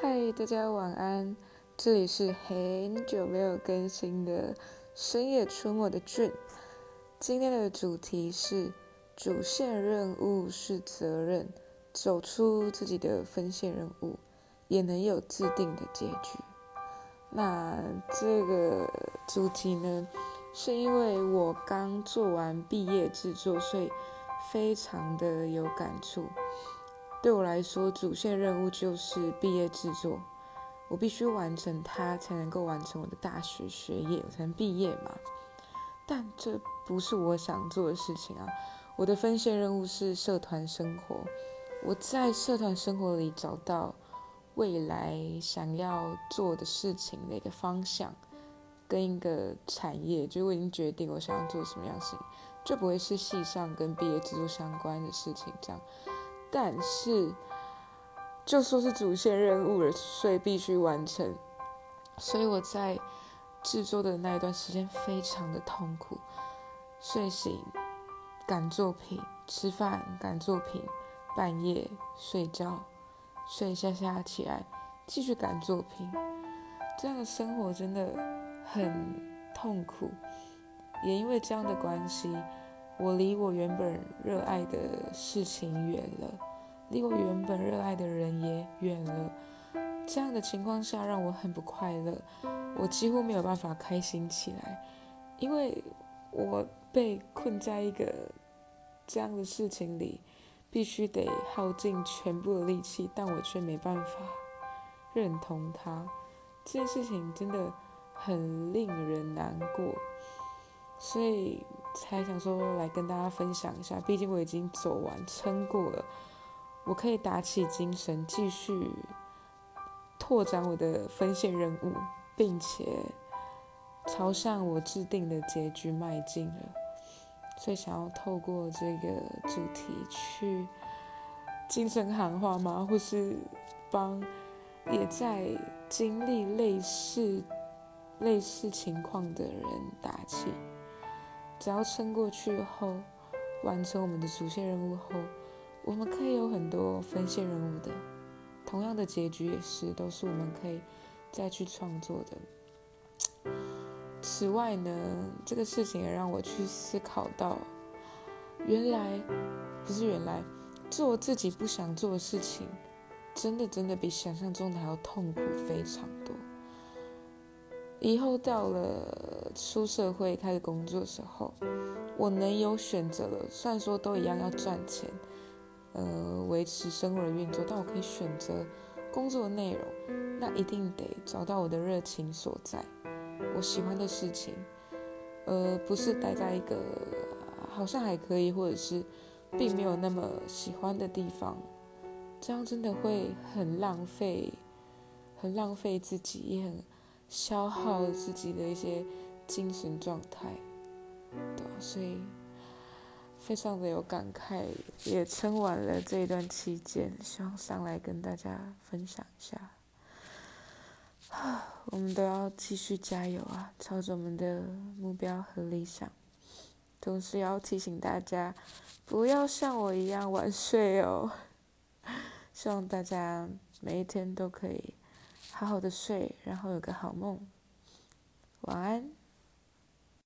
嗨，大家晚安！這裡是很久沒有更新的深夜出沒的 Jun。今天的主題是主線任務是責任，走出自己的分線任務，也能有制定的結局。那這個主題呢，是因為我剛做完畢業制作，所以非常的有感觸。對我來說，主線任務就是畢業制作，我必須完成它才能夠完成我的大學學業，我才能畢業嘛。但這不是我想做的事情啊！我的分線任務是社團生活，我在社團生活裡找到未來想要做的事情的一個方向，跟一個產業，就我已經決定我想要做什麼樣的事情，就不會是系上跟畢業制作相關的事情這樣。但是，就說是主線任務了，所以必須完成。所以我在制作的那一段時間非常的痛苦。睡醒，趕作品；吃飯，趕作品；半夜睡覺，睡一下下起來，繼續趕作品。這樣的生活真的很痛苦。也因為這樣的關係。我離我原本熱愛的事情遠了，離我原本熱愛的人也遠了。這樣的情況下讓我很不快樂，我幾乎沒有辦法開心起來，因為我被困在一個這樣的事情裡，必須得耗盡全部的力氣，但我卻沒辦法認同他。這件事情真的很令人難過，所以。才想說來跟大家分享一下，畢竟我已經走完、撐過了，我可以打起精神，繼續拓展我的分線任務，並且朝向我制定的結局邁進了。所以想要透過這個主題去精神喊話嗎？或是幫也在經歷類似類似情況的人打氣？只要撐過去後，完成我們的主線任務後，我們可以有很多分線任務的，同樣的結局也是，都是我們可以再去創作的。此外呢，這個事情也讓我去思考到，原來不是原來，做我自己不想做的事情，真的真的比想象中的還要痛苦非常多。以後到了出社會開始工作的時候，我能有選擇了。雖然說都一樣要賺錢，呃，維持生活的運作，但我可以選擇工作內容。那一定得找到我的熱情所在，我喜歡的事情。呃，不是待在一個好像還可以，或者是並沒有那麼喜歡的地方，這樣真的會很浪費，很浪費自己，也很。消耗自己的一些精神狀態。嗯，對，所以非常的有感慨，也撐完了這一段期間，希望上來跟大家分享一下。我們都要繼續加油啊，朝着我們的目標和理想。同時也要提醒大家，不要像我一樣晚睡哦。希望大家每一天都可以。好好的睡，然後有個好夢，晚安。